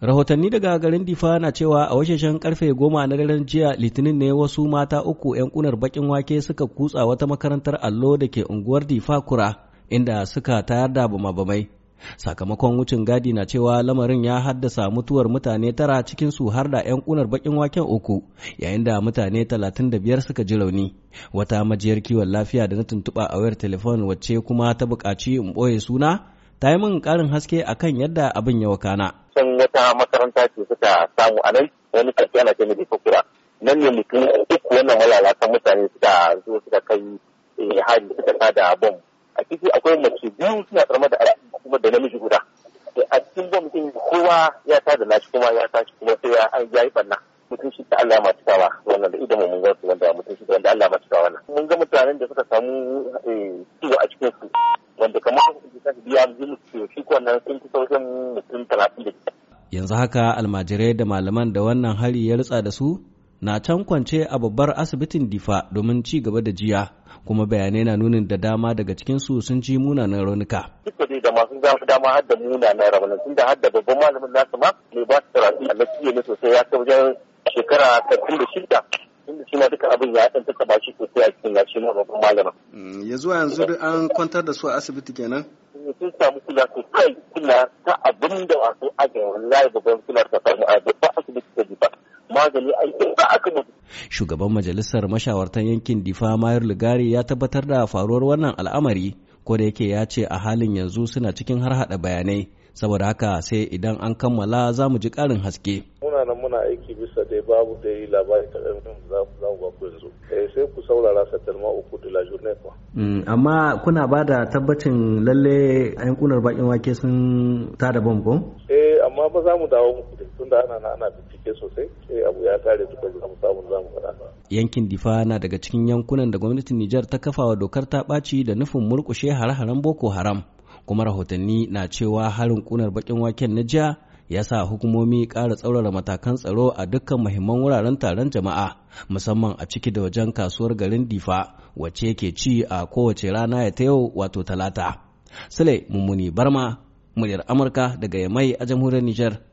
Rahotanni daga garin Difa na cewa a washeshen karfe goma na daren jiya Litinin ne wasu mata uku 'yan kunar bakin wake suka kutsa wata makarantar allo da ke unguwar Difa Kura inda suka tayar da bumabamai. Sakamakon wucin gadi na cewa lamarin ya haddasa mutuwar mutane tara cikin su har da 'yan kunar bakin waken uku yayin da mutane 35 suka ji rauni. Wata majiyar kiwon lafiya da na tuntuɓa a wayar telefon wacce kuma ta buƙaci in ɓoye suna ta yi min ƙarin haske akan yadda abin ya wakana. wata makaranta ce suka samu a nan wani karfi ana ce mai kira nan ne mutum uku wannan malalatan mutane suka zo suka kai hari suka tada bom a ciki akwai mace biyu suna tsarma da kuma da namiji guda a cikin bom din kowa ya da nashi kuma ya tashi kuma sai ya an yayi banna mutum shi da Allah ya mace kawa wannan da idan mu mun ga su wanda mutum shi da wanda Allah ya mace kawa wannan mun ga mutanen da suka samu ciwo a cikin su wanda kamar su biya mu shi ko nan sun fi sauran mutum talatin da yanzu haka almajirai da malaman da wannan hari ya ritsa da su na can kwance a babbar asibitin difa domin ci gaba da jiya kuma bayanai na nunin da dama daga su sun ji munanan raunuka. Duka dai da masu zafi dama har da munanan raunuka tun da har da babban malamin nasu ma mai ba su tarafi a lafiya ne sosai ya kai wajen shekara tattun da shida tunda shi ma duka abin ya ɗan tattaɓa shi sosai a cikin ya shi ma babban malamin. Mm, ya zuwa yanzu an kwantar da su a asibiti kenan? sun samu kula sosai kula ta abin da wato ake wallahi babban kula ta samu a ba asibiti ba magani yi ba aka mutu shugaban majalisar mashawartan yankin difa mayar lugari ya tabbatar da faruwar wannan al'amari ko da yake ya ce a halin yanzu suna cikin har bayanai saboda haka sai idan an kammala za mu ji karin haske muna nan muna aiki bisa dai babu da yi labari ta ƙarfin za mu ba ku yanzu eh, sai ku saurara sa satarma uku da la journée ko mm, amma kuna ba da tabbacin lalle yan kunar bakin wake sun ta da bom ko? eh amma ba za mu dawo muku da tunda ana na ana bincike sosai sai eh, abu ya kare duka za mu samu za mu fara yankin difa na daga cikin yankunan da gwamnatin Nijar ta kafawa dokar ta ɓaci da nufin murƙushe hare-haren Boko Haram. kuma rahotanni na cewa harin kunar bakin waken na jiya ya sa hukumomi kara tsaurara matakan tsaro a dukkan muhimman wuraren taron jama'a musamman a ciki da wajen kasuwar garin difa wacce ke ci a kowace rana ya ta yau wato talata sule mummuni barma muryar amurka daga yamai a jamhuriyar nijar